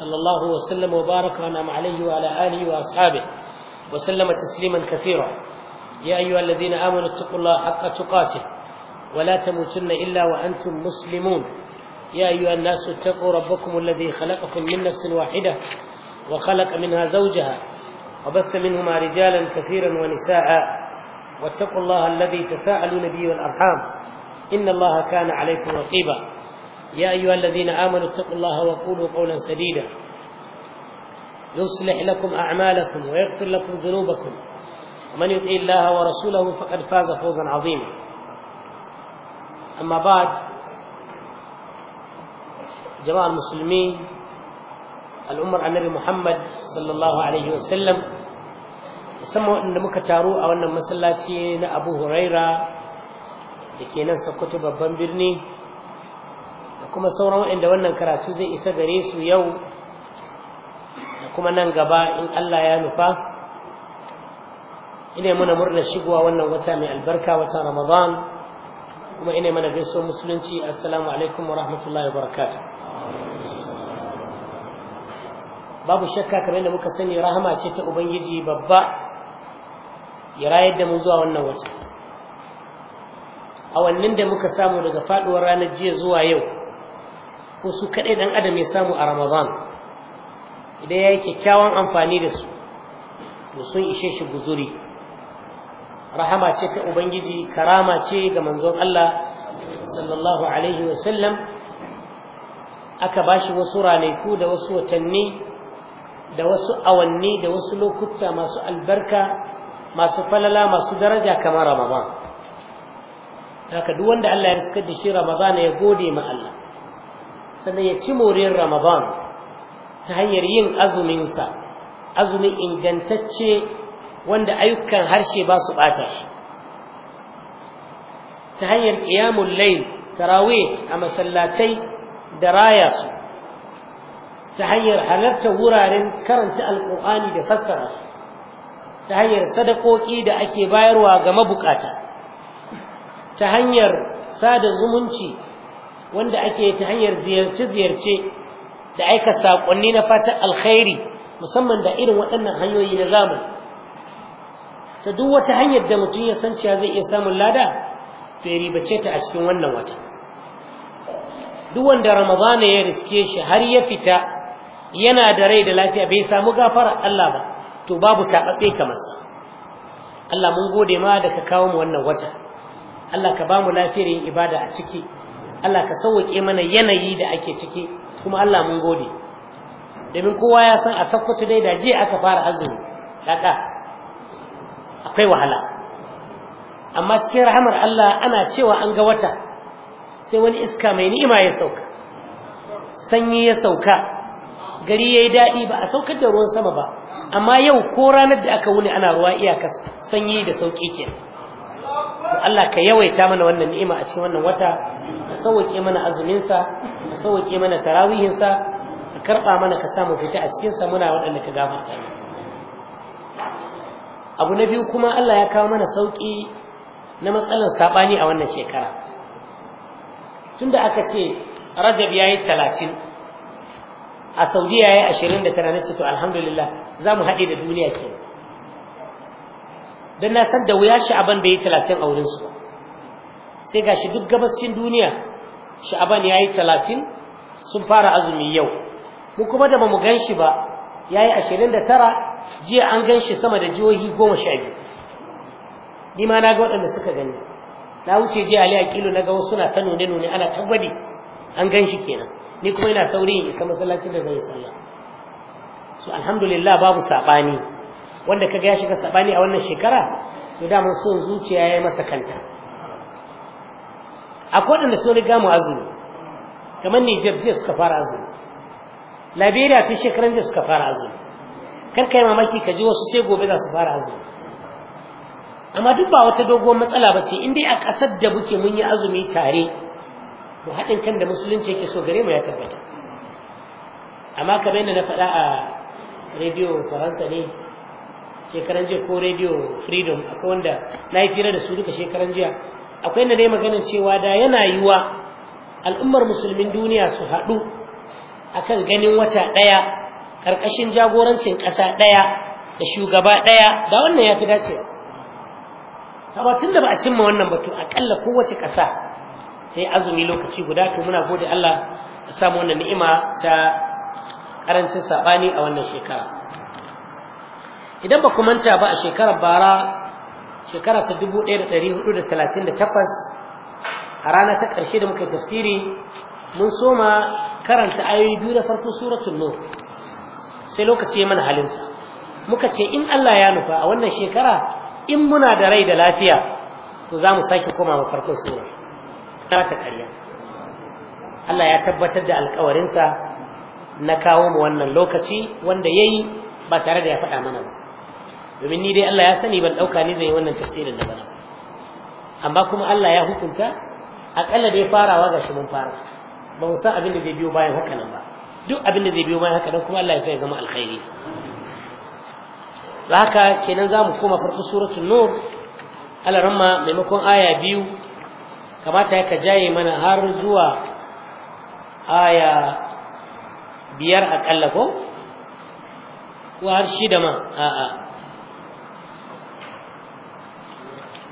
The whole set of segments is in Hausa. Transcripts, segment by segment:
صلى الله وسلم وبارك وانعم عليه وعلى اله واصحابه وسلم تسليما كثيرا يا ايها الذين امنوا اتقوا الله حق تقاته ولا تموتن الا وانتم مسلمون يا ايها الناس اتقوا ربكم الذي خلقكم من نفس واحده وخلق منها زوجها وبث منهما رجالا كثيرا ونساء واتقوا الله الذي تساءلون به والارحام ان الله كان عليكم رقيبا يا أيها الذين آمنوا اتقوا الله وقولوا قولا سديدا يصلح لكم أعمالكم ويغفر لكم ذنوبكم ومن يطع الله ورسوله فقد فاز فوزا عظيما أما بعد جماعة المسلمين الأمر النبي محمد صلى الله عليه وسلم musamman waɗanda muka taru a wannan masallaci na abu huraira da ke nan sokoto babban birni kuma sauran waɗanda wannan karatu zai isa gare su yau da kuma nan gaba in Allah ya nufa ina muna murna shigowa wannan wata mai albarka wata Ramadan kuma ina mana gaisuwar musulunci assalamu alaikum wa rahmatullahi wa babu shakka kamar da muka sani rahama ce ta ubangiji babba ya rayar da mu zuwa wannan wata awannin da muka samu daga faduwar ranar jiya zuwa yau ko su kaɗai ɗan adam ya samu a ramadan idan ya yi kyakkyawan amfani da su to sun ishe shi guzuri rahama ce ta ubangiji karama ce ga manzon Allah sallallahu alaihi wasallam aka bashi wasu ranaku da wasu watanni da wasu awanni da wasu lokuta masu albarka masu falala masu daraja kamar ramadan haka duk wanda Allah ya riskar da shi ramadan ya gode ma Allah sannan ya ci moriyar ramadan ta hanyar yin azuminsa azumin ingantacce wanda ayyukan harshe ba su ɓata shi ta hanyar ƙiyamun lai tarawe a masallatai da raya su ta hanyar halarta wuraren karanta alƙur'ani da fassara su ta hanyar sadakoki da ake bayarwa ga mabukata ta hanyar sada zumunci wanda ake ta hanyar ziyarce-ziyarce da aika saƙonni na fatan alkhairi musamman da irin waɗannan hanyoyi na zamani ta duk wata hanyar da mutum ya san cewa zai iya samun lada to ya ribace ta a cikin wannan wata duk wanda ramadana ya riske shi har ya fita yana da rai da lafiya bai samu gafara Allah ba to babu taɓaɓe kamar Allah mun gode ma da ka kawo mu wannan wata Allah ka ba mu lafiyar yin ibada a ciki Allah ka sauke mana yanayi da ake ciki kuma Allah mun gode domin kowa ya san a sakkwato dai da je aka fara azumi kaka akwai wahala amma cikin rahamar Allah ana cewa an ga wata sai wani iska mai ni'ima ya sauka sanyi ya sauka gari yayi daɗi ba a saukar da ruwan sama ba amma yau ko ranar da aka wuni ana ruwa iyakar sanyi da sauki kenan to Allah ka yawaita mana wannan ni'ima a cikin wannan wata ka sauke mana azumin sa ka sauke mana tarawihin sa ka karba mana ka sa mu fita a cikin sa muna waɗanda ka gafarta abu na biyu kuma Allah ya kawo mana sauki na matsalar sabani a wannan shekara tunda aka ce Rajab yayi 30 a saudiya ya yi ashirin da tara to alhamdulillah za mu haɗe da duniya ke don na san da wuya sha'aban da ya yi talatin a wurinsu ba sai ga shi duk gabascin duniya sha'aban ya yi talatin sun fara azumi yau mu kuma da ba mu gan shi ba ya yi ashirin da tara jiya an gan shi sama da jihohi goma sha biyu ni ma na ga waɗanda suka gani na wuce jiya ali a kilo na ga wasu na ta nune nune ana ta gwadi an gan shi kenan ni kuma ina saurin isa masallacin da zai sallah so alhamdulillah babu saɓani wanda kaga ya shiga sabani a wannan shekara to da mun son zuciya yayi masa kanta akwai wanda sun riga mu azumi kamar Niger jiya suka fara azumi Liberia tun shekaran jiya suka fara azumi kar kai mamaki ka ji wasu sai gobe za su fara azumi amma duk ba wata doguwar matsala ba ce dai a kasar da muke mun yi azumi tare mu haɗin kan da musulunci yake so gare mu ya tabbata amma kamar yadda na faɗa a rediyo faransa ne shekaran jiya ko radio freedom akwai wanda na yi fira da su duka shekaran jiya akwai na dai maganin cewa da yana yiwa al'ummar musulmin duniya su haɗu akan ganin wata ɗaya ƙarƙashin jagorancin ƙasa ɗaya da shugaba ɗaya da wannan ya fi dace ba tun da ba a cimma wannan batu aƙalla kowace ƙasa sai azumi lokaci guda to muna gode Allah a samu wannan ni'ima ta ƙarancin saɓani a wannan shekara idan ba ku manta ba a shekarar bara shekara ta 1438 a rana ta ƙarshe da muka tafsiri mun soma karanta ayoyi biyu na farko suratul nur sai lokaci ya mana halinsa muka ce in Allah ya nufa a wannan shekara in muna da rai da lafiya to za mu sake koma ma farkon sura ta ƙarya Allah ya tabbatar da alƙawarinsa na kawo mu wannan lokaci wanda yayi ba tare da ya faɗa mana ba domin ni dai Allah ya sani ban dauka ni zai wannan tafsirin da bana amma kuma Allah ya hukunta akalla dai farawa ga shi mun fara ba mu san abin da zai biyo bayan haka nan ba duk abin da zai biyo bayan haka nan kuma Allah ya sa ya zama alkhairi haka kenan zamu koma farko suratul nur ramma maimakon aya biyu kamata ka jaye mana har zuwa aya biyar akalla ko ko har shida ma a'a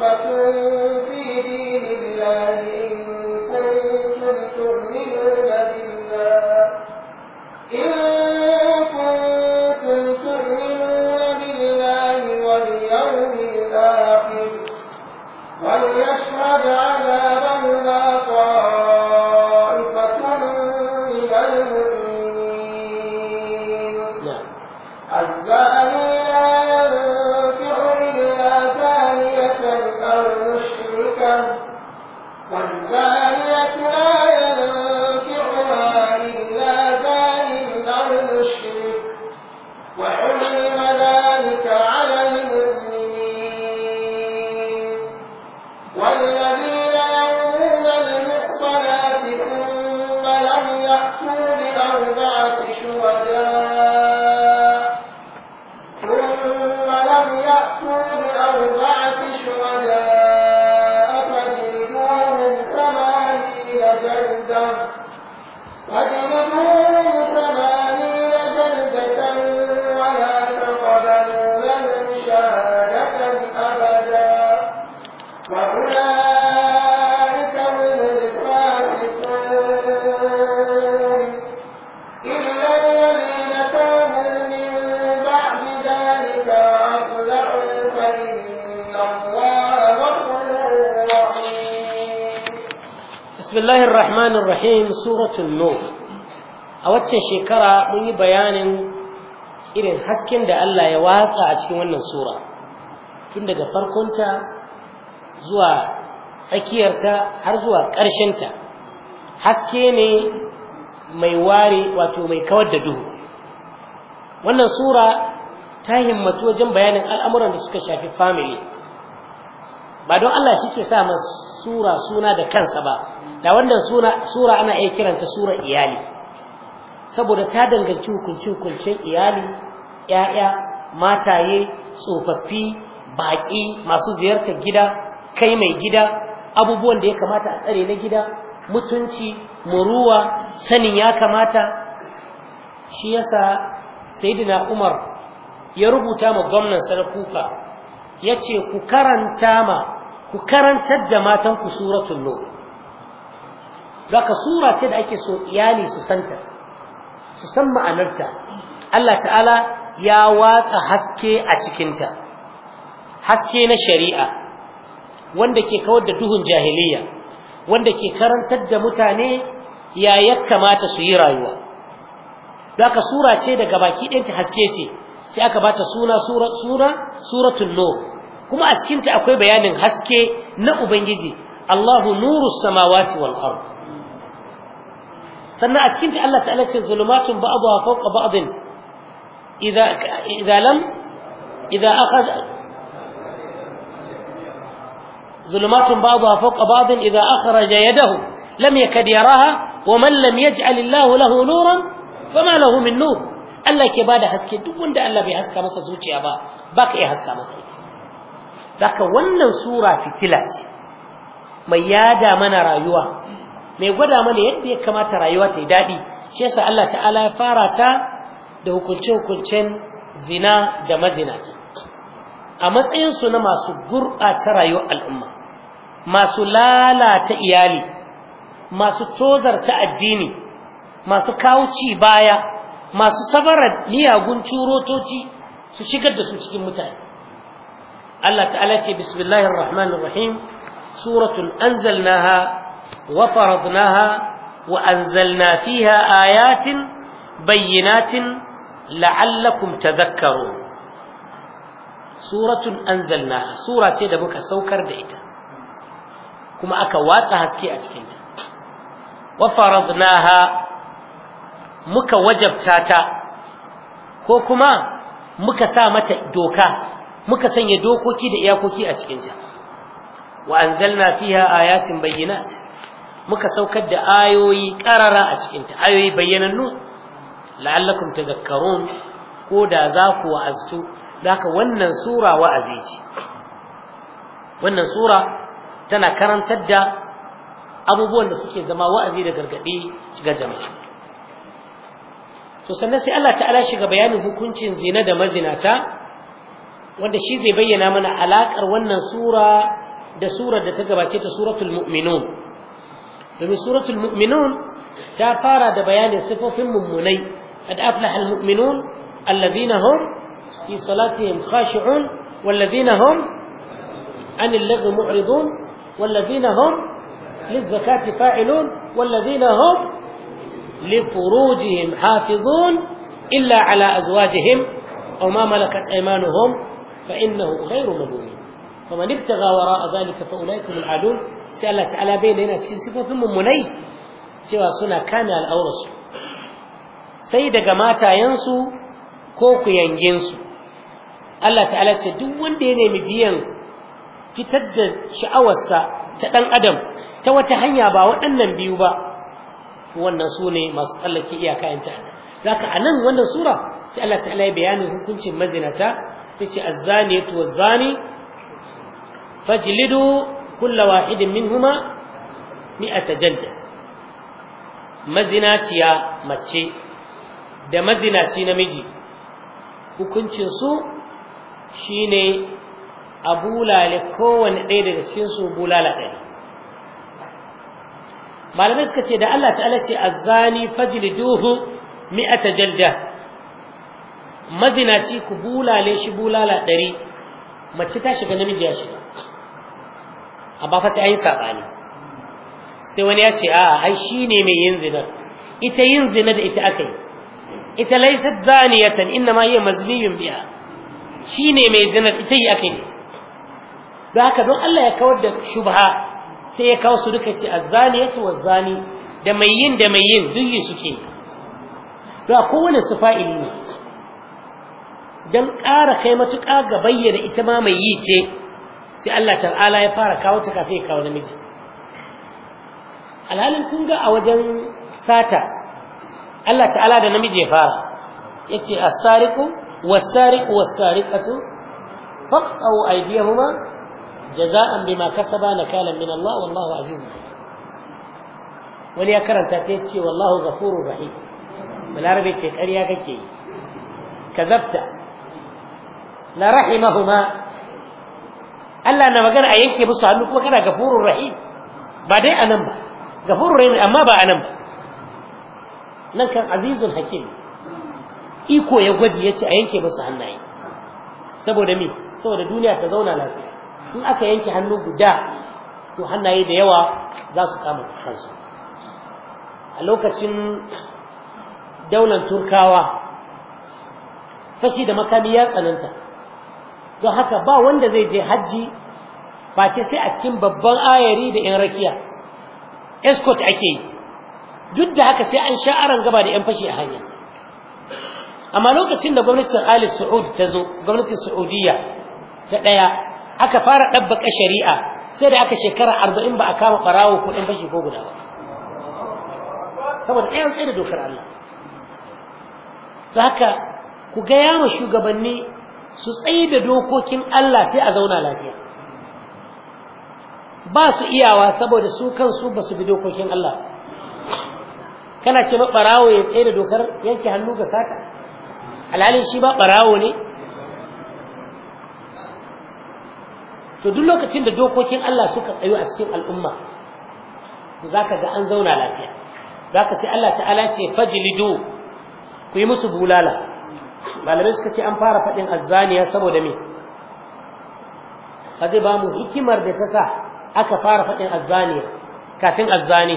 رحمة الرحمن rahim suratun النور a waccan shekara mun yi bayanin irin hasken da Allah ya watsa a cikin wannan sura tun daga farkonta zuwa tsakiyar ta har zuwa ƙarshen ta, haske ne mai wari wato mai kawar da duhu wannan sura ta himmatu wajen bayanin al'amuran da suka shafi family ba don Allah shi ke sa masu sura suna da kansa ba da wannan suna sura ana iya kiranta sura iyali saboda ta danganci hukuncin hukuncin iyali yaya mataye tsofaffi baƙi masu ziyartar gida kai mai gida abubuwan da ya kamata a tsare na gida mutunci muruwa sanin ya kamata shi yasa sayyidina Umar ya rubuta ma gwamnan Sarakuka ce ku karanta ma ku karantar da matanku suratul nur zaka sura ce da ake so iyali su santa su san ma'anarta Allah ta'ala ya watsa haske a cikin ta, haske na shari'a wanda ke kawar da duhun jahiliya wanda ke karantar da mutane ya ya kamata su yi rayuwa zaka sura ce daga baki ɗinta haske ce sai aka bata suna sura sura suratul nur kuma a cikinta akwai bayanin haske na ubangiji Allahu nuru samawati wal ard sannan a cikinta Allah ta'ala ce zulumatun ba'dha fawqa ba'din idza idza lam idza akhadha ظلمات بعضها فوق بعض إذا أخرج يده لم يكد يراها ومن لم يجعل الله له نورا فما له من نور Allah ke bada haske duk wanda Allah bai haska masa zuciya ba baka iya haska masa Zaka wannan sura fitila ce, mai yada mana rayuwa, mai gwada mana yadda ya kamata rayuwa ta yi daɗi, shi yasa Allah ta'ala ya fara ta da hukunce-hukuncen zina da mazinaki. A matsayinsu na masu gurɓata rayuwar al'umma, masu lalata iyali, masu ta addini, masu kawo baya, masu sabarar miyagun curotoci su shigar da su cikin mutane. Allah ta'ala ce bismillahir rahmanir rahim suratun anzalnaha wa faradnaha wa anzalna fiha ayatin bayyinatin la'allakum tadhakkarun suratun anzalnaha sura ce da muka saukar da ita kuma aka watsa haske a ta. wa faradnaha muka wajabta ta ko kuma muka sa mata doka muka sanya dokoki da iyakoki a cikinta wa anzalna fiha ayatin bayyinat muka saukar da ayoyi karara a cikinta ayoyi bayyanannu la'allakum tadhakkarun ko da za ku wa'azto haka wannan sura wa'azi ce wannan sura tana karantar da abubuwan da suke zama wa'azi da gargadi ga jama'a to sannan sai Allah ta'ala shiga bayanin hukuncin zina da mazinata wanda shi zai bayyana mana alaƙar wannan sura da surar da ta gabace ta suratul mu'minun domin suratul mu'minun ta fara da bayanin sifofin mummunai qad aflaha al mu'minun alladhina hum fi salatihim khashi'un walladhina hum an al-lagwi mu'ridun walladhina hum lizakati fa'ilun walladhina hum لفروجهم حافظون إلا على أزواجهم أو ما ملكت أيمانهم فإنه غير ملوم فمن ابتغى وراء ذلك فأولئك هم العادون سأل الله تعالى بين هنا cikin sifofin mummunai cewa suna kana al'aurarsu sai daga matayensu ko ku kuyangensu Allah ta'ala ce duk wanda ya nemi biyan fitar da sha'awarsa ta ɗan adam ta wata hanya ba waɗannan biyu ba wannan su masu tsallake iyaka yin ta'ala za ka a nan wannan sura sai Allah ta'ala ya bayanin hukuncin mazinata tace az-zaniyatu waz-zani fajlidu kulla wahidin minhuma mi'ata jalda mazinaciya mace da mazinaci namiji hukuncin su shine a bulale kowane ɗaya daga cikin su bulala ɗaya malamai suka ce da Allah ta'ala ce azzani fajliduhu mi'ata jalda mazinaci ku bulale shi bulala ɗari mace ta shiga namiji ya shiga amma fa sai an yi saɓani sai wani ya ce a ai shi ne mai yin zinar ita yin zinar da ita aka yi ita laisat zaniyatan inna ma hiya mazliyun biha shi ne mai zinar ita yi aka yi don haka don Allah ya kawar da shubha sai ya kawo su duka ce wa zani, da mai yin da mai yin duk yi suke don a kowane su fa'ili ne don ƙara kai matuƙa ga bayyana ita ma mai yi ce sai Allah ta'ala ya fara kawo ta kafin ya kawo namiji alhalin kun ga a wajen sata Allah ta'ala da namiji ya fara ya ce as-sariqu was-sariqu was-sariqatu faqta'u aydiyahuma jaza'an bima kasaba nakalan min Allah wallahu azizu. wani ya karanta ta ya ce wallahu ghafurur rahim balarabe ce ƙarya kake yi ka kazabta la rahimahuma Allah na magana a yanke musu hannu kuma kana gafurur rahim ba dai anan ba gafurur rahim amma ba anan ba nan kan azizul hakim iko ya gwadi yace a yanke musu hannaye saboda me saboda duniya ta zauna lafiya in aka yanke hannu guda to hannaye da yawa za su kama kansu a lokacin daular turkawa fashi da makami ya tsananta don haka ba wanda zai je hajji face sai a cikin babban ayari da yan rakiya escort ake yi duk da haka sai an sha gaba da yan fashi a hanya amma lokacin da gwamnatin Ali Saud ta zo gwamnatin Sa'udiyya, da ɗaya aka fara ɗabbaƙa shari'a sai da aka shekara arba'in ba a kama barawo ko ɗan fashi ko guda ba saboda ɗayan tsaye dokar Allah haka ku gaya ma shugabanni su tsaye da dokokin Allah sai a zauna lafiya ba su iyawa saboda su kansu ba su bi dokokin Allah kana ce maɓarawo ya tsaye da dokar yanke hannu ga sata alhalin shi ba ɓarawo ne to duk lokacin da dokokin Allah suka tsayo a cikin al'umma za ka ga an zauna lafiya za ka sai Allah ta'ala ce fajlidu ku yi musu bulala malamai suka ce an fara faɗin azzaniya saboda me zai ba mu hikimar da ta sa aka fara faɗin azzaniya kafin azzani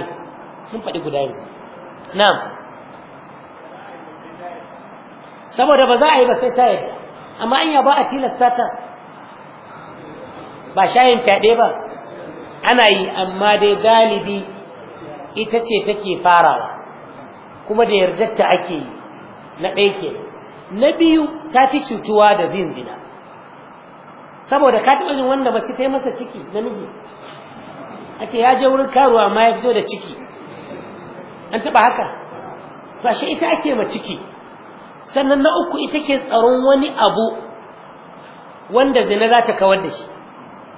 sun faɗi guda yanzu na'am saboda ba za a yi ba sai ta yadda amma an ba a tilasta ta ba shayin fyaɗe ba ana yi amma dai galibi ita ce take farawa kuma da yardarta ake yi na ɗaya kenan na biyu ta fi cutuwa da zin zina saboda ka taɓa jin wanda mace ta yi masa ciki namiji ake ya je wurin karuwa amma ya fito da ciki an taɓa haka ba shi ita ake ma ciki sannan na uku ita ke tsaron wani abu wanda zina za ta kawar da shi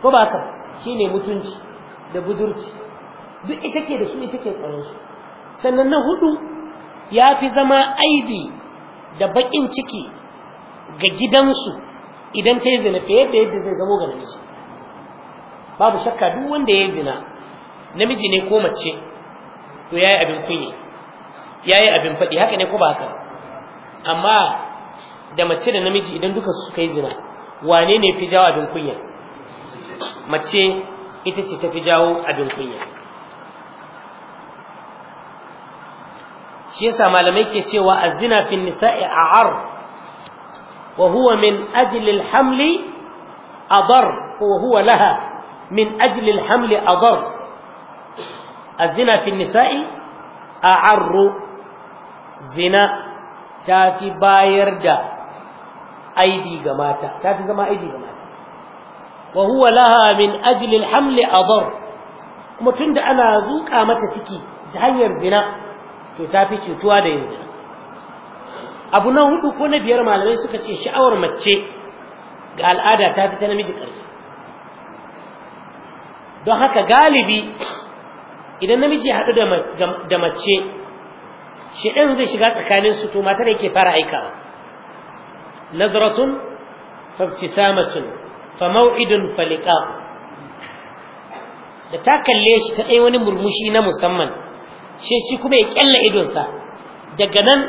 ko ba haka shi ne mutunci da budurci duk ita ke da shi ita ke tsaron su sannan na hudu ya fi zama aibi da bakin ciki ga gidansu idan ta yi zina fiye da yadda zai zamo ga namiji babu shakka duk wanda ya yi zina namiji ne ko mace to ya yi abin kunye ya yi abin faɗi haka ne ko ba haka amma da mace da namiji idan duka suka yi zina wane ne fi jawo abin kunya mace ita ce ta fi jawo abin kunya shi yasa malamai ke cewa azina fin nisa'i a'ar wa huwa min ajli al-haml adar wa huwa laha min ajli al-haml adar azina fin nisa'i a'ar zina ta fi bayar da aibi ga mata ta fi zama aibi ga mata wa huwa laha min ajli al-haml adar kuma tunda ana zuka mata ciki ta hanyar zina to ta fi cutuwa da yanzu. abu na hudu ko na biyar malamai suka ce sha'awar mace ga al'ada ta fi ta namiji ƙarfi don haka galibi idan namiji ya haɗu da mace shi ɗan zai shiga tsakanin su to matar yake fara aikawa nazratun fabtisamatun fa maw'idun da ta kalle shi ta ɗaya wani murmushi na musamman shi shi kuma ya kyalla idonsa daga nan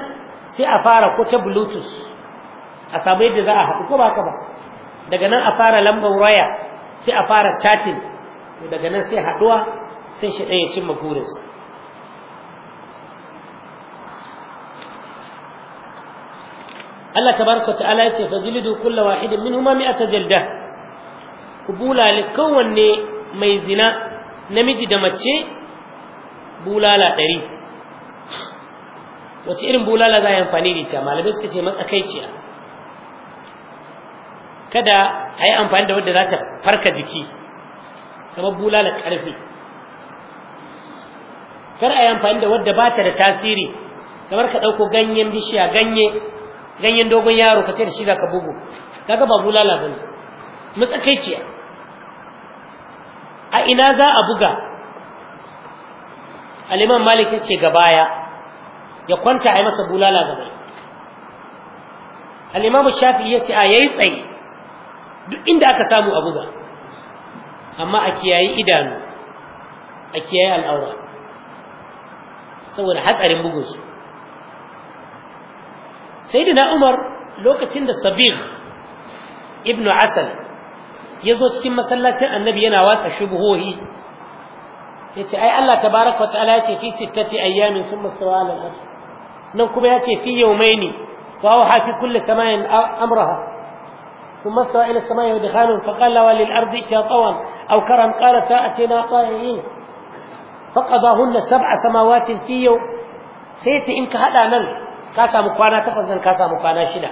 sai a fara ko ta bluetooth a samu yadda za a haɗu ko ba ka ba daga nan a fara lambar waya sai a fara chatting to daga nan sai haɗuwa sai shi ɗaya cimma burinsa Allah tabaraka ta'ala yace fa fajlidu kullu wahidin minhuma mi'ata jalda ku li kowanne mai zina namiji da mace bulala ɗari wace irin bulala za a yi amfani da ita malamai suka ce matsakaiciya kada a yi amfani da wadda za ta farka jiki kamar bulala ƙarfi kar a yi amfani da wadda ba ta da tasiri kamar ka ɗauko ganyen bishiya ganye ganyen dogon yaro ka ce da shiga ka bugu kaga ba bulala ba ne matsakaiciya a ina za a buga Aliman imam malik ya ce ga baya ya kwanta a yi masa bulala gaba al shafi shafi'i ya ce a yayi tsaye duk inda aka samu a buga amma a kiyayi idanu a kiyayi al'aura saboda hatsarin bugunsu sai da umar lokacin da sabir ibnu asal ya zo cikin masallacin annabi yana watsa shubuhohi yace ai Allah tabaaraka wa ta'ala yace fi sittati ayyamin thumma istawa 'ala al-'arsh nan kuma yace fi yawmaini wa huwa fi kulli samain amraha thumma istawa ila as-sama'i wa dakhala fa qala wa lil ardi ya tawan aw karam qala ta'atina ta'iin faqadahunna sab'a samawatin fi yaw sayati in ka hada nan ka samu kwana takwas nan ka samu kwana shida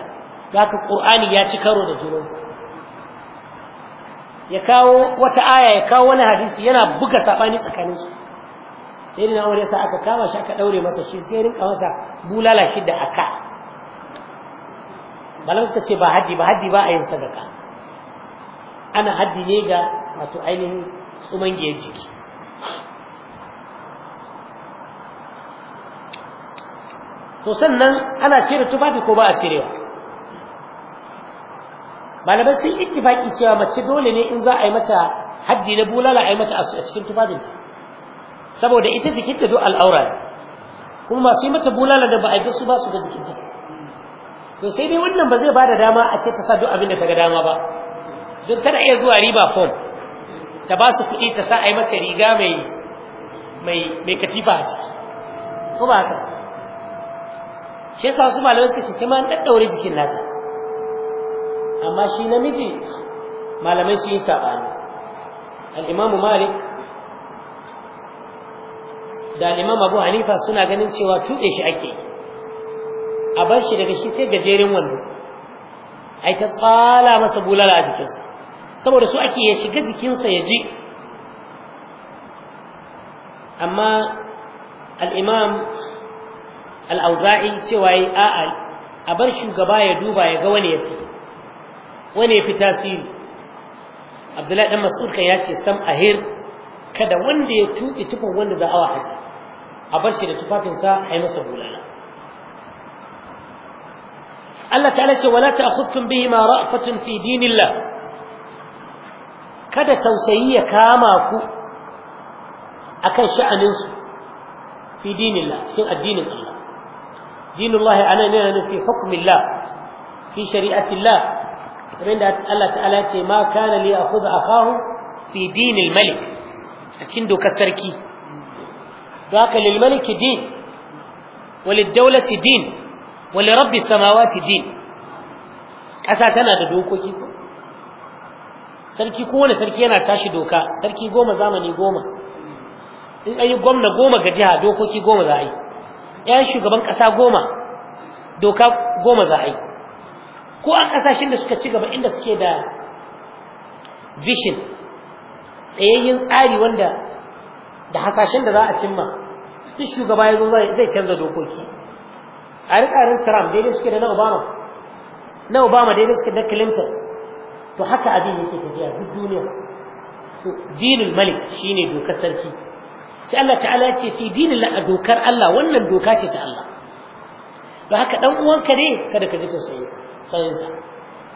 haka qur'ani ya ci karo da junansa ya kawo wata aya ya kawo wani hadisi yana buga sabani tsakanin su sai dina Umar yasa aka kama shi aka daure masa shi sai rinka masa bulala shi da aka malam suka ce ba haji ba haji ba a yin sadaka ana haddi ne ga wato ainihin giyar jiki to sannan ana cire tufafi ko ba a cirewa malamai sun ittifaki cewa mace dole ne in za a yi mata hajji na bulala a yi mata a cikin tufafinta saboda ita jikinta duk al'aura ne kuma masu yi mata bulala da ba a su ba su ga jikinta to sai dai wannan ba zai ba da dama a ce ta sa duk abin da ta ga dama ba don tana iya zuwa riba form ta ba su kuɗi ta sa a yi mata riga mai mai katifa a ciki ko ba haka shi yasa wasu malamai suka ce sai ma an ɗaɗɗaure jikin nata amma shi namiji malamai su yi saɓani al'imamu malik da al'imam abu hanifa suna ganin cewa tuɗe shi ake a bar shi daga shi sai gajeren wando ai ta tsala masa bulala a jikinsa saboda su ake ya shiga jikinsa ya ji amma al'imam al'auza'i cewa yi a'a a bar shugaba ya duba ya ga wani yafi? wani ya fi tasiri abdullahi dan mas'ud kan ya ce sam ahir kada wanda ya tuki tufin wanda za a wa haka a bar shi da tufafinsa a yi masa bulala Allah ta'ala ce wala ta'khudkum bihi ma ra'fatun fi dinillah kada tausayi ya kama ku akan sha'aninsu fi dinillah cikin addinin Allah dinullahi ana ne fi hukmillah fi shari'atillah kamar da Allah ta'ala ce ma kana li akhudha akahu fi dinil malik a cikin dokar sarki zaka lil malik din walid dawlati din wal rabbi samawati din kasa tana da dokoki ko sarki ko wani sarki yana tashi doka sarki goma zamani goma in ayi gwamna goma ga jiha dokoki goma za a yi ƴan shugaban ƙasa goma doka goma za a yi ko a kasashen da suka ci gaba inda suke da vision tsayayyen tsari wanda da hasashen da za a cimma duk shugaba ya zo zai canza dokoki a rikarin trump daidai suke da na obama na obama daidai suke da clinton to haka abin yake tafiya duk duniya Dinin malik shine dokar sarki sai Allah ta'ala ce fi dinin la dokar Allah wannan doka ce ta Allah To haka dan uwanka ne kada ka ji tausayi Ɗan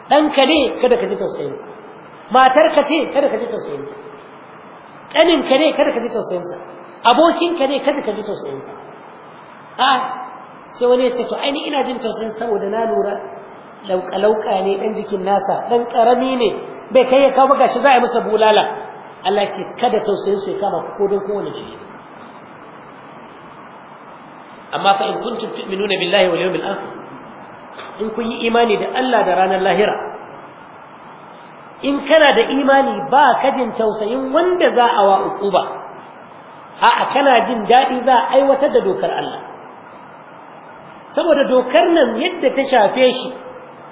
ɗanka ne kada ka ji tausayinsa matarka ce kada ka ji tausayinsa ƙaninka ne kada ka ji tausayinsa abokinka ne kada ka ji tausayinsa a sai wani ya ce to aini ina jin tausayin saboda na lura lauka-lauka ne ɗan jikin nasa ɗan ƙarami ne bai kai ya kawo gashi za a yi masa bulala Allah ce kada tausayinsu ya kama ko don kowane dalili amma fa in kuntum tu'minuna billahi wal yawmil akhir in kun yi imani da Allah da ranar lahira in kana da imani ba ka jin tausayin wanda za a wa a a'a kana jin daɗi za a aiwatar da dokar Allah saboda dokar nan yadda ta shafe shi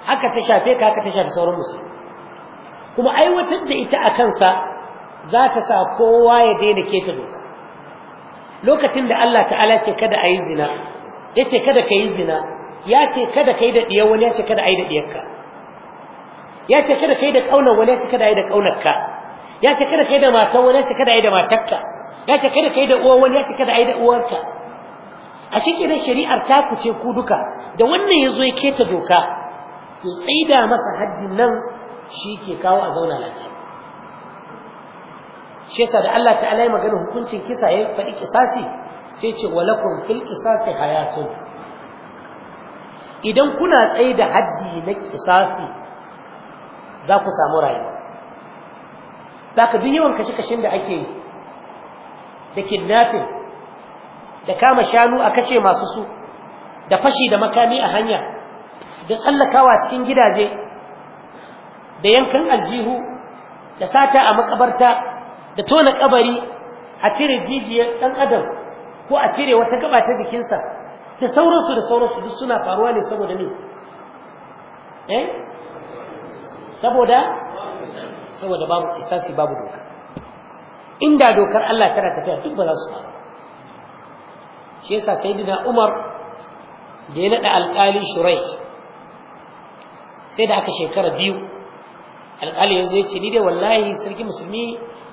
haka ta shafe ka haka ta shafe sauran musulmi kuma aiwatar da ita a kansa za ta sa kowa ya daina keta doka lokacin da Allah ta'ala ce kada a yi zina ya ce kada ka yi zina ya ce kada kai da diyar wani ya ce kada ai da diyarka ya ce kada kai da kaunar wani ya ce kada ai da kaunarka ya ce kada kai da matar wani ya ce kada ai da matarka ya ce kada kai da uwar wani ya ce kada ai da uwarka a shi kenan shari'ar ta kuce ku duka da wannan ya zo ya keta doka to tsaida masa haddin nan shi ke kawo a zauna lafiya shi yasa da Allah ta'ala ya magana hukuncin kisa ya faɗi kisasi sai ce walakum fil kisasi hayatun idan kuna tsaye da haddi na kisasi za ku samu rayuwa za ka duk yawan kashe-kashen da ake yi da kidnapping da kama shanu a kashe masu su da fashi da makami a hanya da tsallakawa cikin gidaje da yankan aljihu da sata a makabarta da tona kabari a cire jijiyar ɗan adam ko a cire wata gaba ta jikinsa da sauransu da sauransu duk suna faruwa ne saboda ne eh saboda saboda babu isasi babu doka inda dokar Allah tana tafiya duk ba za su faru shi yasa sayyidina Umar da ya nada alƙali Shurai sai da aka shekara biyu alƙali yanzu ya ce ni dai wallahi sarki musulmi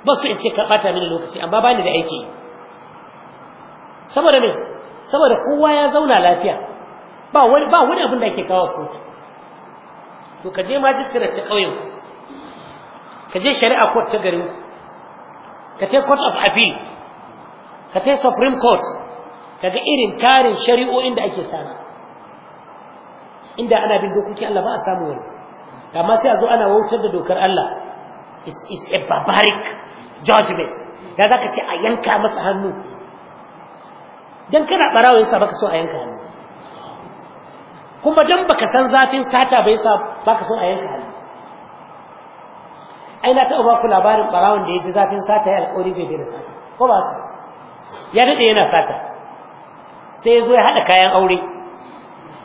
ba su in ce ka bata mini lokaci amma ba ni da aiki saboda me saboda kowa ya zauna lafiya ba wani ba wani abin da yake kawo kotu to ka je magistrate ta kauyen ku ka je shari'a court ta garin ku ka je court of appeal ka je supreme court kaga irin tarin shari'o'in da ake samu inda ana bin dokokin Allah ba a samu wani amma sai a zo ana wautar da dokar Allah is a barbaric judgment da zaka ce a yanka masa hannu dan kana barawo yasa baka so a yanka hannu kuma dan baka san zafin sata bai sa baka so a yanka hannu ai na taɓa ku labarin barawon da ya ji zafin sata ya alƙawari zai daina sata ko ba ya daɗe yana sata sai ya zo ya haɗa kayan aure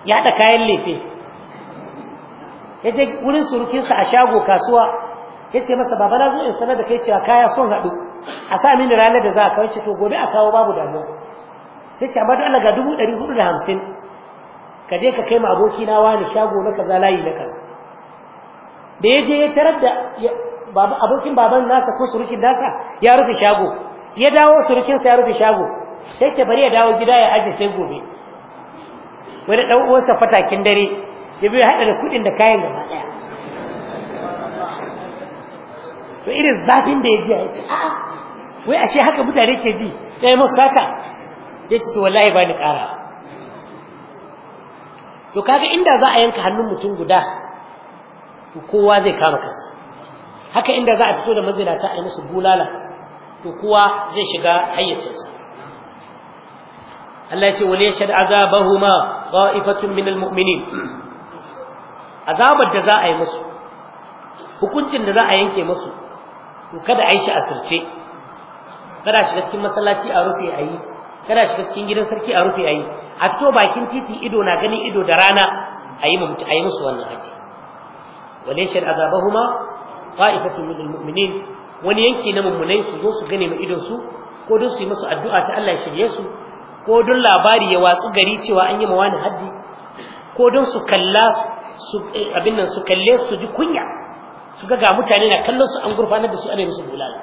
ya haɗa kayan lefe ya je wurin surukinsa a shago kasuwa ya ce masa baba na zo in sanar da kai cewa kaya son haɗu a sa mini ranar da za a kawo to gobe a kawo babu damuwa sai ce amma duk Allah ga dubu ɗari hudu da hamsin ka je ka kai ma aboki na wani shago na kaza layi na kaza da ya je ya tarar da abokin baban nasa ko surukin nasa ya rufe shago ya dawo surukin sa ya rufe shago sai ke bari ya dawo gida ya aje sai gobe wani dan fata fatakin dare ya biyo hada da kudin da kayan gaba daya to irin zafin da ya ji a wai ashe haka mutane ke ji kai musu ya ce to wallahi ba ni ƙara to kaga inda za a yanka hannun mutum guda to kowa zai kama kansa haka inda za a fito da mazinata a yi musu bulala to kowa zai shiga hayyacinsa Allah ya ce wal yashhad azabahuma qa'ifatun minal mu'minin azabar da za a yi musu hukuncin da za a yanke musu to kada a yi shi asirce kada shiga cikin masallaci a rufe a yi kana shiga cikin gidan sarki a rufe ayi a fito bakin titi ido na ganin ido da rana ayi mu ayi musu wannan wale walayshar azabahuma ta'ifatun min almu'minin wani yanki na mummunai su zo su gane mu idon su ko don su yi musu addu'a ta Allah ya shirye su ko don labari ya watsu gari cewa an yi ma wani haji ko don su kalla su eh, abin nan su kalle su ji kunya su ga ga mutane na kallon su an gurfanar da su ana su bulala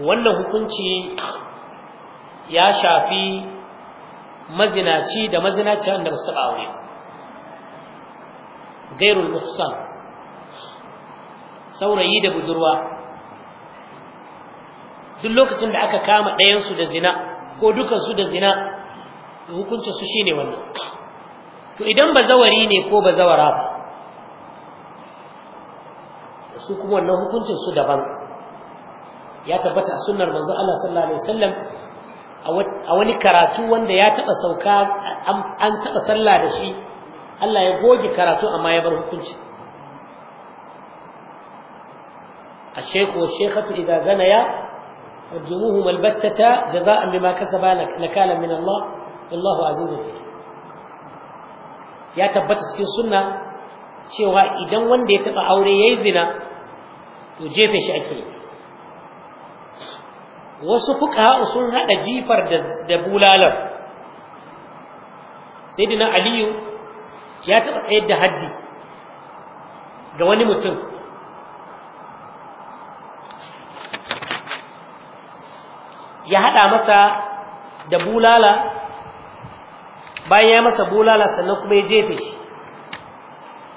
wannan hukunci ya shafi mazinaci da mazinaci wanda ba su aure gairul muhsan saurayi da budurwa duk lokacin da aka kama ɗayansu da zina ko dukansu da zina hukuncinsu shi ne wannan to idan ba zawari ne ko ba zawara ba su kuma wannan hukuncinsu daban ya tabbata a sunnar manzo Allah sallallahu alaihi wasallam a wani karatu wanda ya taɓa sauka an taɓa sallah da shi Allah ya goge karatu amma ya bar hukunci الشيخ والشيخة إذا زنيا فارجموهما البتة جزاء بما كسبا نكالا من الله والله عزيز حكيم ya tabbata cikin sunna cewa idan wanda ya taba aure yayi zina to jefe shi ake wasu fuka sun hada jifar da bulalar sai dina aliyu ya taba tsayar da hajji ga wani mutum ya hada masa da bulala bayan ya masa bulala sannan kuma ya jefe shi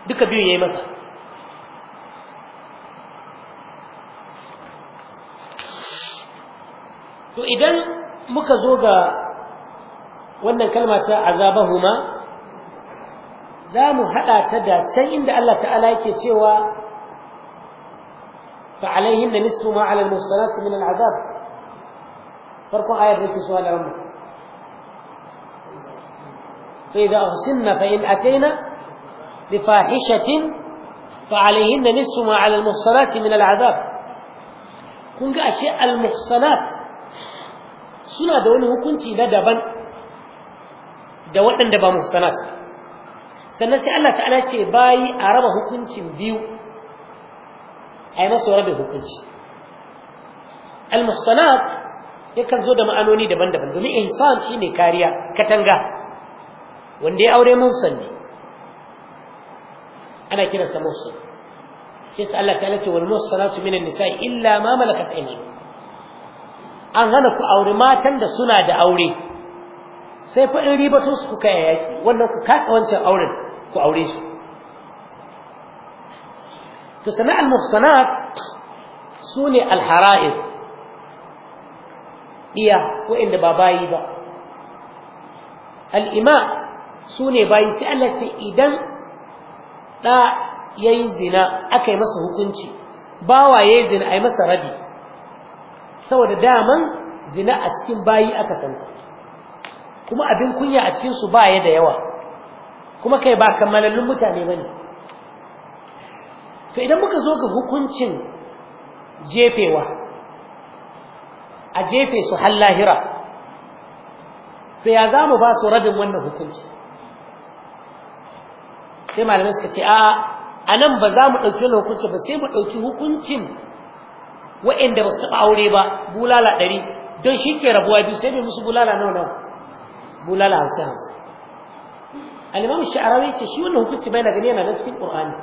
duka biyu ya yi masa to idan muka zo ga wannan kalma ta azabahuma za mu haɗa ta da can inda Allah ta'ala yake cewa fa alaihin na nisfu ma ala al-muhsanat min al-azab farkon ayar da ke suwa da ramu fa idza ahsinna fa in atayna bi fahishatin fa alaihin na nisfu ma ala al min al-azab kun ga ashe al-muhsanat suna da wani hukunci na daban da waɗanda ba muhsanat sannan sai Allah ta'ala ce bayi a raba hukuncin biyu a yi masu rabin hukunci al-muhsanat yakan zo da ma'anoni daban-daban domin ihsan shine kariya katanga wanda ya aure muhsan ne ana kiransa muhsan sai Allah ta'ala ce wal muhsanatu minan nisa illa ma malakat aymanukum an hana ku aure matan da suna da aure sai fa in ribato su kuka yaki wannan ku katsa wancan auren ku aure su to sana'al muhsanat sune alhara'ir iya ko inda ba bayi ba al-ima sune bayi sai Allah ce idan da yayi zina aka yi masa hukunci bawa yayi zina ai masa rabi saboda daman zina a cikin bayi aka santa kuma abin kunya a cikin su baya da yawa kuma kai ba kammalallun mutane bane to idan muka zo ga hukuncin jefewa a jefe su har lahira to ya za mu ba su rabin wannan hukunci sai malamai suka ce a a nan ba za mu ɗauki wannan hukunci ba sai mu ɗauki hukuncin wa'anda ba su taɓa aure ba bulala ɗari don shi ke rabuwa biyu sai mai musu bulala nawa nawa bulala hansu hansu alimamu sha'arawi ce shi wannan hukunci bai na gani yana da cikin ƙur'ani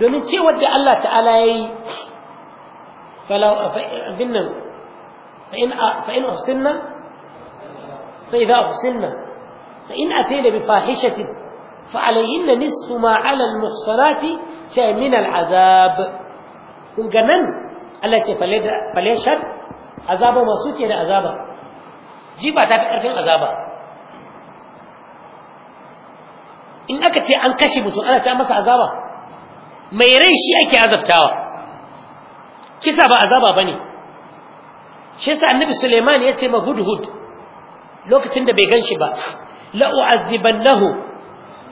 domin cewar da Allah ta'ala ya yi abin nan fa fa in bi fahishatin fa alayhinna nisfu ma 'ala al-muhsanati min al kun ga nan Allah ce falashad azaba masu ke da azaba jifa ta fi ƙarfin azaba in aka ce an kashe mutum ana ce masa azaba mai rai shi ake azabtawa kisa ba azaba ba ne shi yasa annabi suleiman ya ce ma hudhud lokacin da bai gan shi ba la'uazibannahu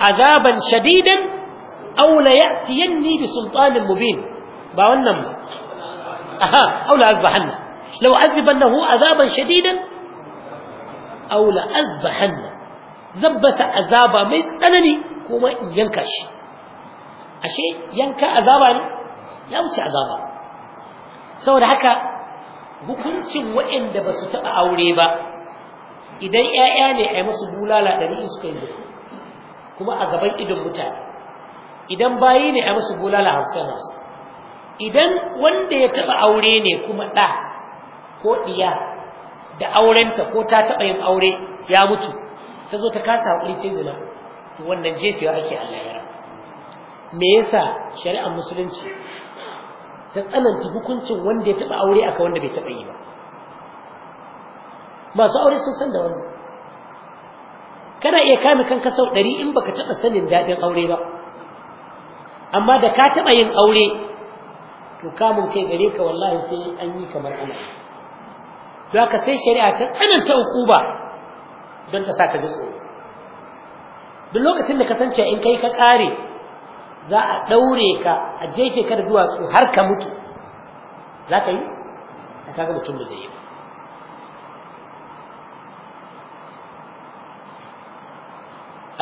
azaban shadidan aw la ya'tiyanni bi sultanin mubin ba wannan ba aha aw la azbahanna law azibannahu azaban shadidan aw la azbahanna zabbasa azaba mai tsanani kuma in yanka shi ashe yanka azaba ne ya wuce azaba saboda haka hukuncin waɗanda ba su taɓa aure ba idan 'ya'ya ne a yi musu bulala ɗari in suka yi kuma a gaban idon mutane idan bayi ne a yi musu bulala hamsin hamsin idan wanda ya taba aure ne kuma ɗa ko ɗiya da aurenta ko ta taba yin aure ya mutu ta zo ta kasa haƙuri ta zina to wannan jefewa ake Allah ya rabu me yasa shari'ar musulunci ta tsananta hukuncin wanda ya taba aure aka wanda bai taba yi ba masu aure sun san da wannan kana iya kame kanka sau ɗari in baka taba sanin daɗin aure ba amma da ka taba yin aure ka kamun kai gare ka wallahi sai an yi kamar ana don ka sai shari'a ta tsananta hukuba don ta sa ka ji duk lokacin da kasance in kai ka kare za a daure ka a jefe ka da duwatsu har ka mutu za ka yi a kaga mutum da zai yi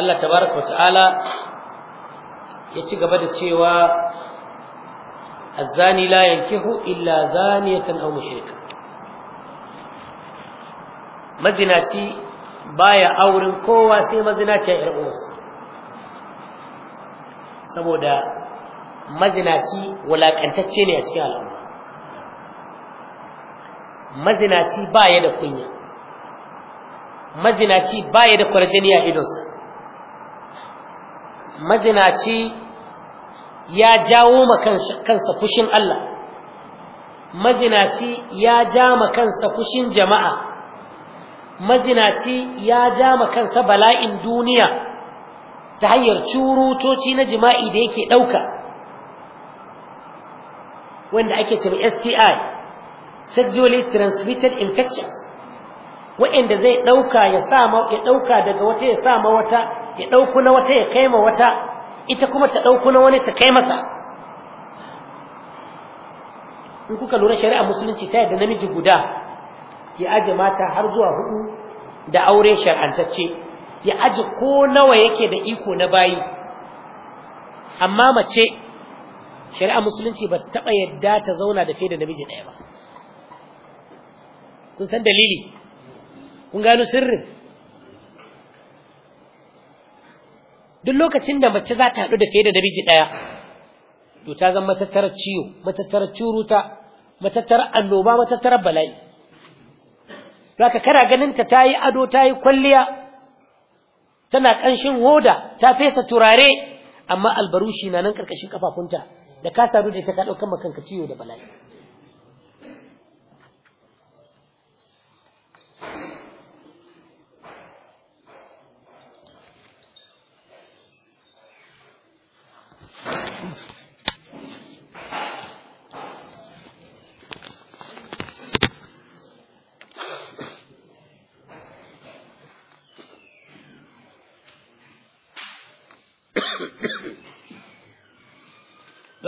Allah tabaraka wa ta'ala ya ci gaba da cewa الزاني لا ينكح إلا زانية أو مشركة مزناتي بايا أورن كوا سي مزناتي إرؤوس سبودا مزناتي ولا كنتتشيني أشكال الأمر mazinaci baya da kunya mazinaci baya da kwarjini a idonsa ya jawo ma kansa kushin Allah mazinaci ya ja kansa kushin jama'a mazinaci ya ja ma kansa bala'in duniya ta hanyar curutoci na jima'i da yake ɗauka wanda ake cewa STI sexually transmitted infections wa'anda zai ɗauka ya ɗauka daga wata ya sama wata ya ɗauku na wata ya kaima wata ita kuma ta ɗauko na wani ta kai masa in kuka lura shari'a musulunci ta yadda namiji guda ya aje mata har zuwa hudu da aure shar'antacce ya aje ko nawa yake da iko na bayi amma mace shari'a musulunci ba ta taɓa yadda ta zauna da fiye da namiji ɗaya ba kun san dalili kun gano sirrin duk lokacin da mace za ta haɗu da fiye da namiji ɗaya to ta zama matattarar ciwo matattarar curuta matattarar annoba matattarar bala'i zaka kara ganin ta yi ado ta yi kwalliya tana ƙanshin hoda ta fesa turare amma albarushi na nan ƙarƙashin ƙafafunta da ka sa da ita ka ɗaukar makanka ciwo da bala'i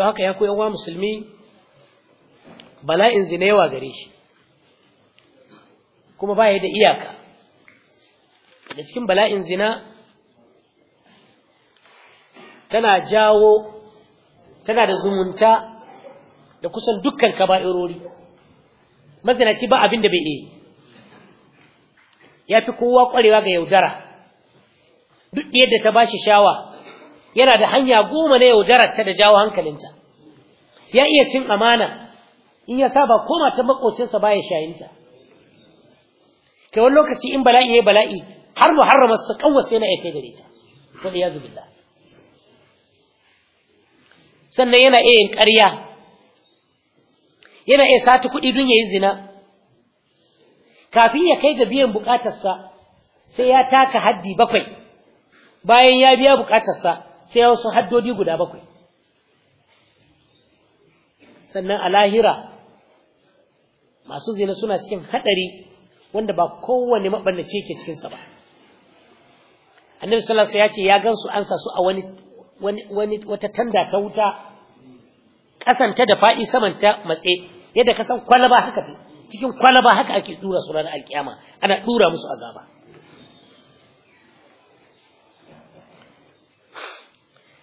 don haka ya koyan wa musulmi bala'in zina yawa gare shi kuma ba baya da iyaka da cikin bala'in zina tana jawo tana da zumunta da kusan dukkan kaba'irori mazinaci ba abin da bai yi ya fi kowa kwarewa ga yaudara duk yadda ta ba shi shawa yana da hanya goma na yaudararta da jawo hankalinta ya iya cin amana in ya saba koma ta makocinsa ya shayinta kai wani lokaci in bala'i ya yi bala'i har muharrama su kawwa sai na gare ta ya sannan yana iya yin karya, yana iya sati kuɗi don ya yi zina kafin ya kai ga biyan bukatarsa sai ya taka haddi bakwai bayan ya biya bukatarsa sai wasu haddodi guda bakwai sannan a lahira masu zina suna cikin hadari wanda ba kowane mabannace yake cikin sa ba annabi salasa ya ce ya gansu ansa su a wani wata tanda ta wuta kasanta da faɗi saman ta matse yadda kasan kwalaba haka cikin kwalaba haka ake dura su ranar alkiyama ana dura musu azaba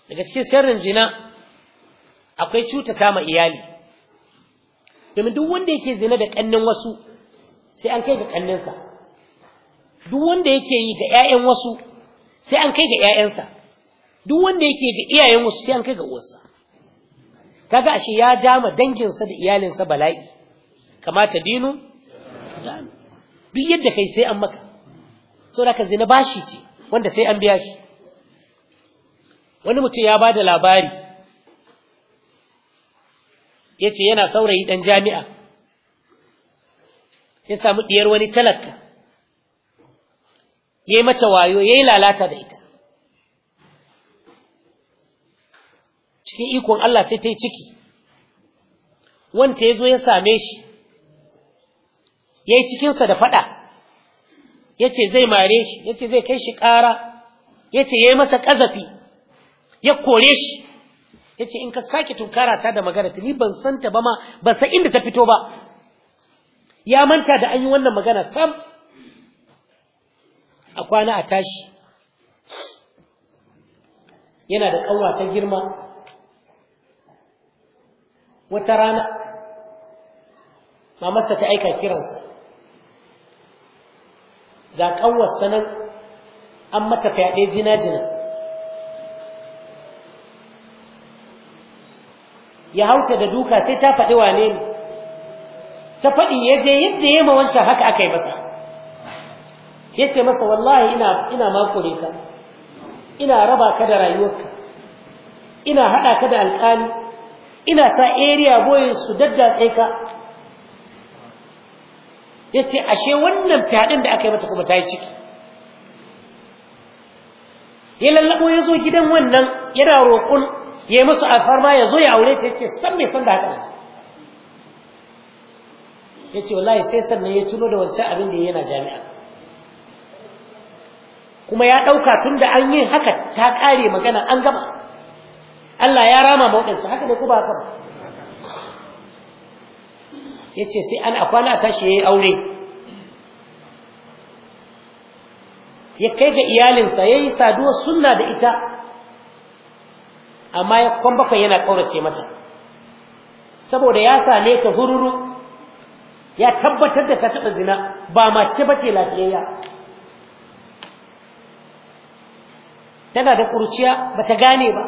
daga cikin sirrin zina akwai cuta kama iyali domin duk wanda yake zina da kannin wasu sai an kai ga kanninsa duk wanda yake yi ga ƴaƴan wasu sai an kai ga ƴaƴansa duk wanda yake ga iyayen wasu sai an kai ga uwarsa kaga ashe ya jama danginsa da iyalinsa bala'i kamata dinu duk yadda kai sai an maka saboda ka zina bashi ce wanda sai an biya shi wani mutum ya ba da labari ya ce yana saurayi ɗan jami'a ya samu ɗiyar wani talaka ya yi mata wayo ya yi lalata da ita cikin ikon Allah sai ta yi ciki wanta ya zo ya same shi ya yi cikinsa da faɗa ya zai mare shi ya ce zai kai shi ƙara ya ce ya yi masa ƙazafi ya kore shi ya ce in ka sake tunkara ta da magana ta ni ban santa ta ba ma ban san inda ta fito ba ya manta da an yi wannan magana sam a kwana a tashi yana da ƙaura ta girma wata rana mamasta ta aika kiransa ga ƙawarsa nan an mata fyaɗe jina-jina ya hauta da duka sai ta faɗi wane ne ta faɗi ya je yadda ya ma wancan haka aka yi masa ya ce masa wallahi ina ina makure ka ina raba ka da rayuwarka ina haɗa ka da alƙali ina sa area boyin su daddatse ka ya ce ashe wannan fyaɗin da aka yi mata kuma ta yi ciki ya lallaɓo ya zo gidan wannan yana roƙon yi musu alfarma ya zo ya aure ta yace san mai san da haka yace wallahi sai sannan ya tuno da wancan abin da yana jami'a kuma ya dauka da an yi haka ta kare magana an gama Allah ya rama mawadansu haka ne ku ba haka ba yace sai an akwana a tashi yi aure ya kai ga iyalinsa ya yi saduwar sunna da ita amma ya kwan bakwai yana kaurace mata saboda ya same ta hururu ya tabbatar da ta taɓa zina ba mace ba ce lafiyayya tana da ƙurciya ba ta gane ba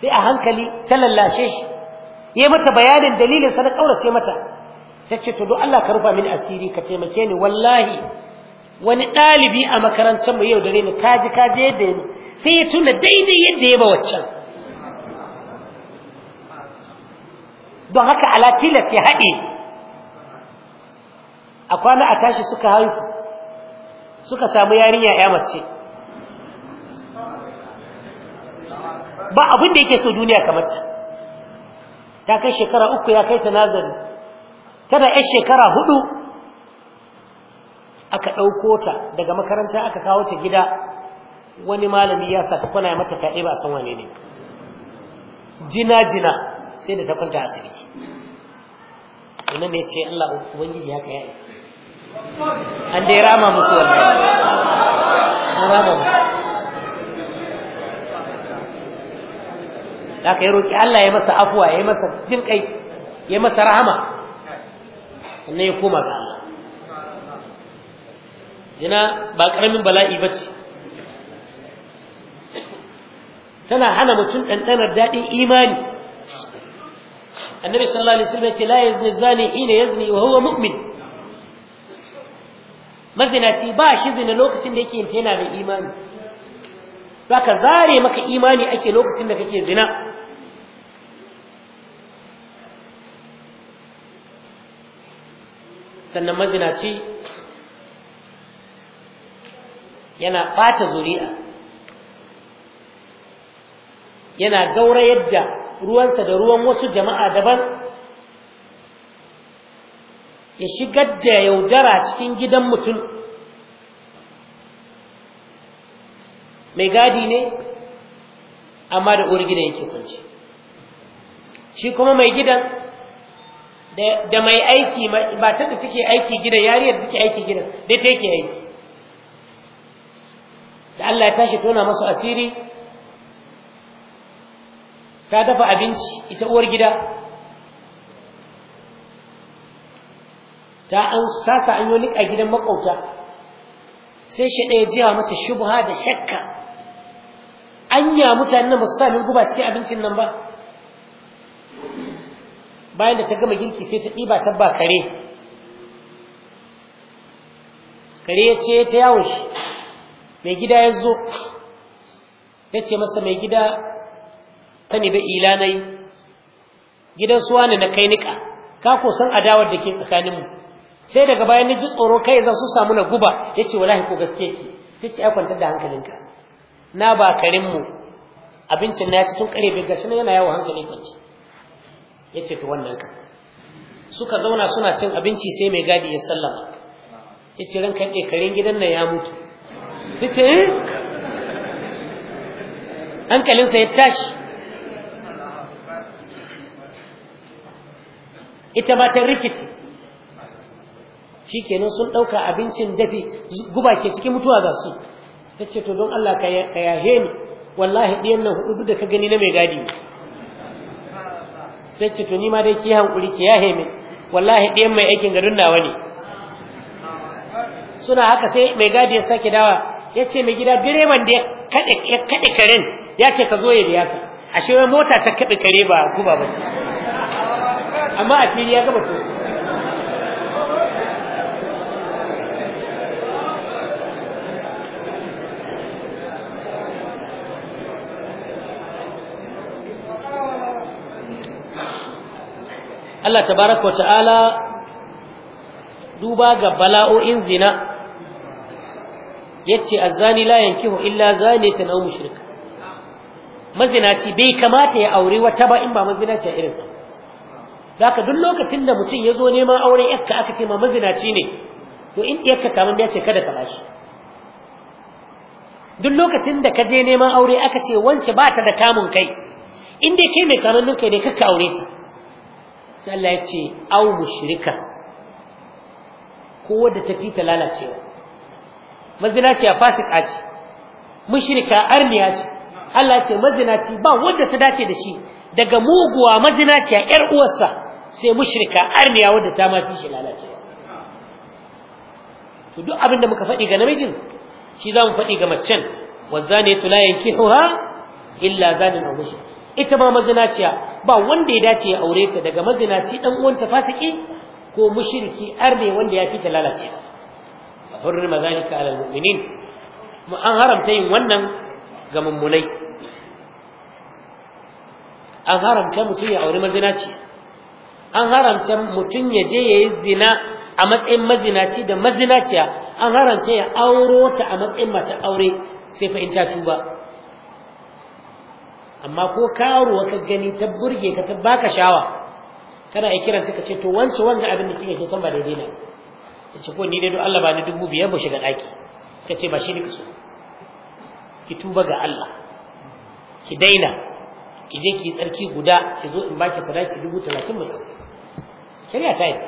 sai a hankali ta lallashe shi ya mata bayanin dalilin sana na ƙaurace mata ta ce to Allah ka rufa mini asiri ka taimake ni wallahi wani ɗalibi a makarantar mu yau dare ni kaji kaji yadda ya sai ya tuna daidai yadda ya ba waccan don haka ala tilas ya haɗe a kwana a tashi suka haihu suka samu yarinya ya mace ba abin da yake so duniya kamar ta ta kai shekara uku ya kai ta nazari tana yar shekara hudu aka ɗauko ta daga makaranta aka kawo ta gida wani malami ya sa ta kwana mata kaɗe ba a san wane ne jina jina sai da ta kwanta asibiti wannan ne ce Allah ubangiji haka ya isa an dai rama musu wannan an rama musu da kai yi roƙi Allah ya masa afuwa ya masa jin kai ya masa rahama sannan ya koma ga Allah jina ba ƙaramin bala'i ba ce tana hana mutum ɗanɗanar daɗin imani annabi sallallahu alaihi wasallam ya ce la yazni zani hina yazni wa huwa mu'min mazinaci ba shi zina lokacin da yake yinta yana da imani zaka zare maka imani ake lokacin da kake zina sannan mazinaci yana bata zuri'a yana daura yadda. ruwansa da ruwan wasu jama'a daban ya shigar da yaudara cikin gidan mutum mai gadi ne amma da uwar gidan yake kwanci shi kuma mai gidan da mai aiki ba ta da take aiki gidan yariyar take aiki gidan dai ta yake aiki da Allah ya tashi tona masu asiri ta dafa abinci ita uwar gida ta an sasa an yi a gidan makauta sai shi ɗaya jiya mata shubha da shakka anya mutanen mutane ba su sami guba cikin abincin nan ba bayan da ta gama girki sai ta ɗiba ta ba kare kare ya ce ta yawon shi mai gida ya zo ta ce masa mai gida sani ba ilanai gidan suwa ne na kai nika ka ko san adawar da ke tsakaninmu sai daga bayan ji tsoro kai zan su samu na guba yace wallahi ko gaske ki tace ai kwantar da hankalinka na ba mu abincin na ci tun kare bai gashi yana yawo hankali kwanci yace to wannan ka suka zauna suna cin abinci sai mai gadi ya sallama yace ran kan karin gidan nan ya mutu tace eh? hankalinsa ya tashi ita ba ta rikici shikenan sun ɗauka abincin dafi guba ke cikin mutuwa za su ta ce to don Allah ka yahe ni wallahi ɗiyan nan hudu da ka gani na mai gadi sai ce to ni ma dai ki hankuri ki yahe min wallahi ɗiyan mai aikin gadon nawa ne suna haka sai mai gadi ya sake dawa ya ce mai gida direban da ya kaɗe karen ya ce ka zo ya biya ka ashe wai mota ta kaɗe kare ba guba ba ce amma a fili ya gaba to Allah tabaraka ta'ala duba ga bala'o'in zina yace azani la yankihu illa zanatan aw mushrik mazinaci bai kamata ya aure wata ba in ba mazinaci sa zaka duk lokacin da mutum ya zo neman auren yakka aka ce ma mazinaci ne to in yakka kaman ya ce kada ka bashi duk lokacin da ka je neman aure aka ce wance ba ta da kamun kai in dai kai mai kamun kai ne kakka aure ta sai Allah ya ce au mushrika ko wadda ta fita lalacewa mazinaci a a ce mushrika arniya ce Allah ya ce mazinaci ba wanda ta dace da shi daga muguwa mazinaci a ƴar uwarsa sai mushrika arniya wadda ta mafi shi lalacewa to duk abin da muka faɗi ga namijin shi za mu faɗi ga macen wazane tu la yankihuha illa zanin aw ita ma mazinaciya ba wanda ya dace ya aure ta daga mazinaci dan uwanta fasiki ko mushriki arne wanda ya fi ta lalace hurrima zalika ala almu'minin mu an haramta yin wannan ga mummunai an haramta mutum ya aure mazinaciya an haramta mutum ya je ya yi zina a matsayin mazinaci da mazinaciya an haramta ya auro ta a matsayin masu aure sai fa in ta tuba amma ko karuwa ka gani ta burge ka ta baka shawa kana iya kiranta ka ce to wance wanda abin da kike ke san ba daidai ne ta ce ko ni dai do Allah ba ni dubu biyar ba shiga ɗaki ka ce ba shi ne ka so ki tuba ga Allah ki daina ki je ki tsarki guda ki zo in baki sadaki dubu talatin shari'a ta yi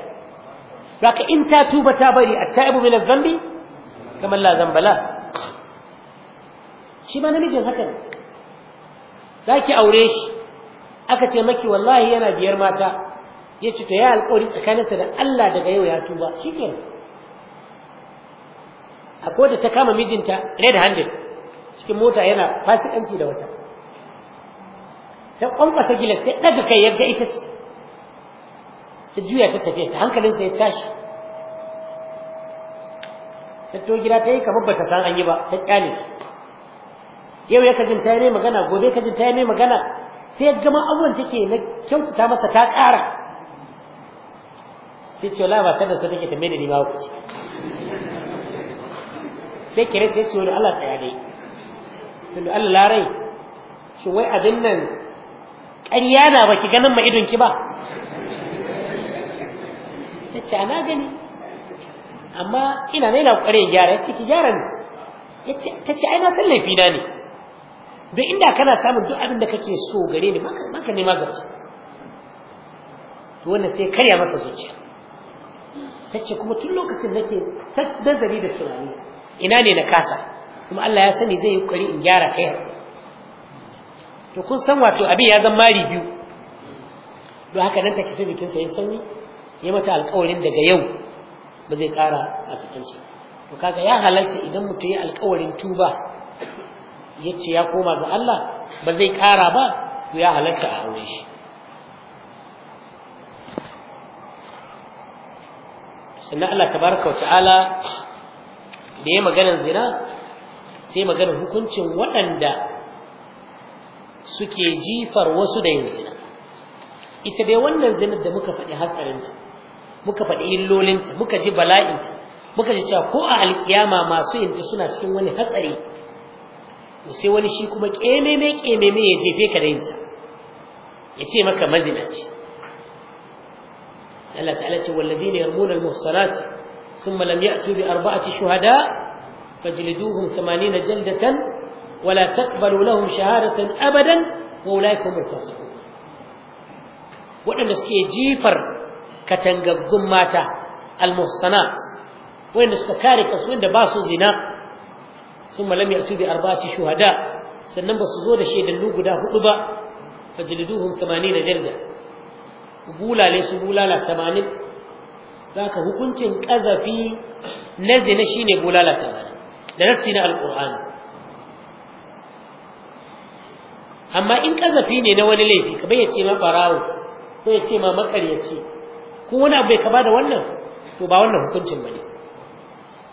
zaka in ta tuba ta bari a ta'ibu min zambi kama la zambala shi ma namijin haka ne za aure shi aka ce maki wallahi yana biyar mata ya ce to ya alƙawari tsakaninsa da Allah daga yau ya tuba shikenan akwai da ta kama mijinta red handed cikin mota yana fasikanci da wata ta kwankwasa gilas sai daga kai yadda ita ce ta juya ta tafiya ta hankalin ya tashi ta to gida ta yi kamar ba ta san an yi ba ta kyale yau ya kajin ta yi mai magana gobe kajin ta yi mai magana sai ya gama abubuwan take na kyautata masa ta ƙara sai ce wala ba ta da su take tambaye da ni ma sai kire ta ce wani Allah tsaya dai tunda Allah larai shi wai abin nan ƙarya na ki ganin ma idonki ba? Ta ce ana gani amma ina ne na ƙware gyara Ya ce ki gyara ne Ta ce ai na san laifi na ne don inda kana samun duk abin da kake so gare ne maka ne ma to wannan sai karya masa zuciya ce kuma tun lokacin nake nazari da tunani ina ne na kasa kuma Allah ya sani zai yi ƙwari in gyara kai to kun san wato abin ya zama mari biyu don haka nan take sai jikinsa ya sanyi ya mata alƙawarin daga yau ba zai ƙara a cikinci to kaga ya halarci idan mutum ya alkawarin tuba Yace ya koma ga Allah ba zai ƙara ba to ya halarci a aure shi sannan Allah tabaraka wa ta'ala da ya maganar zina sai maganar hukuncin waɗanda suke jifar wasu da yin zina ita dai wannan zinar da muka faɗi hatsarinta muka faɗi illolinta muka ji bala'inta muka ji cewa ko a alkiyama masu yinta suna cikin wani hatsari to sai wani shi kuma ƙememe ƙememe ya jefe ka da yinta ya ce maka mazina ce Allah ta'ala ce wallazina yarmuna al-muhsanati thumma lam ya'tu bi arba'ati shuhada fajliduhum 80 jaldatan ولا تقبل لهم شهادة أبدا وأولئك هم الفاسقون وأن سكي جيفر كتنغغم ماتا المحصنات وأن سكارك وأن باسو زنا ثم لم يأتوا بأربعة شهداء سنن بسزو da shaidallu guda hudu ba fajliduhum 80 jalda bulale su bulala 80 zaka hukuncin kazafi na zina shine bulala 80 da nassi na alqur'ani amma in kazafi ne na wani laifi ka bai ce ma barawo ko ya ce ma makaryaci ko wani abu bai kaba da wannan to ba wannan hukuncin bane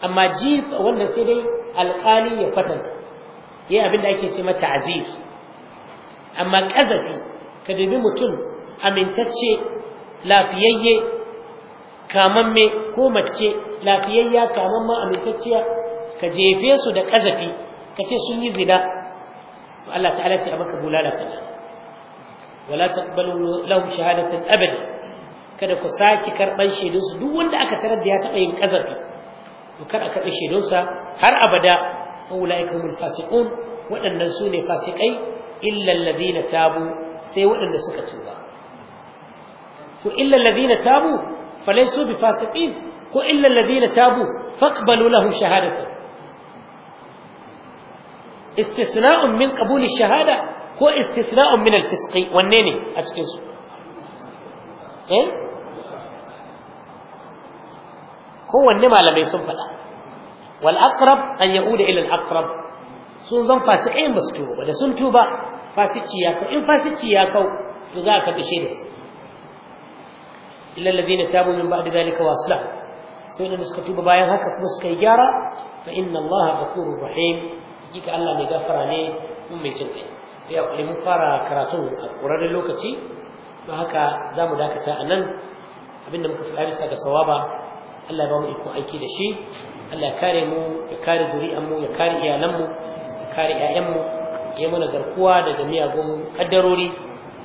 amma ji wannan sai dai alƙali ya kwatanta yayi abin da ake ce ma ta'zir amma kazafi ka dubi mutum amintacce lafiyayye me ko mace lafiyayya ma amintacciya ka jefe su da kazafi ka ce sun yi zina to Allah ta'ala ce a maka bulala ta wala taqbalu lahu shahadatan abada kada ku sake karban shaidun duk wanda aka tarar da ya taba yin kazafi to kar a karbi shaidun sa har abada ulaika hum fasiqun waɗannan su ne fasikai illa alladhina tabu sai waɗanda suka tura. ko illa tabu ko illa alladhina tabu faqbalu istisna'un min qabuli shahada ko istisna'un min al wanne ne a eh? ko wanne malamai sun faɗa wal aqrab an yauda ila al aqrab sun zan fasikai ba su tuba da sun tuba fasiciya ya kau in fasici ya kau to za ka bishe da su illa alladhina tabu min ba'di dhalika wa aslahu sai da suka tuba bayan haka kuma suka yi gyara fa inna allaha ghafurur rahim hakika Allah mai gafara ne mun mai cin kai sai akwai mun fara karatun a ƙurarren lokaci don haka za mu dakata a nan abinda muka fi bisa ga sawaba Allah ya ba mu iko aiki da shi Allah ya kare mu ya kare zuri'anmu ya kare iyalanmu ya kare 'ya'yanmu ya mana garkuwa daga miyagun kaddarori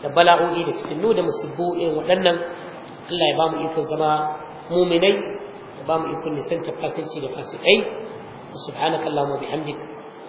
da bala'o'i da fitinu da musibbu irin waɗannan Allah ya ba mu ikon zama muminai ya ba mu ikon nisan tafasinci da fasikai subhanakallahumma bihamdika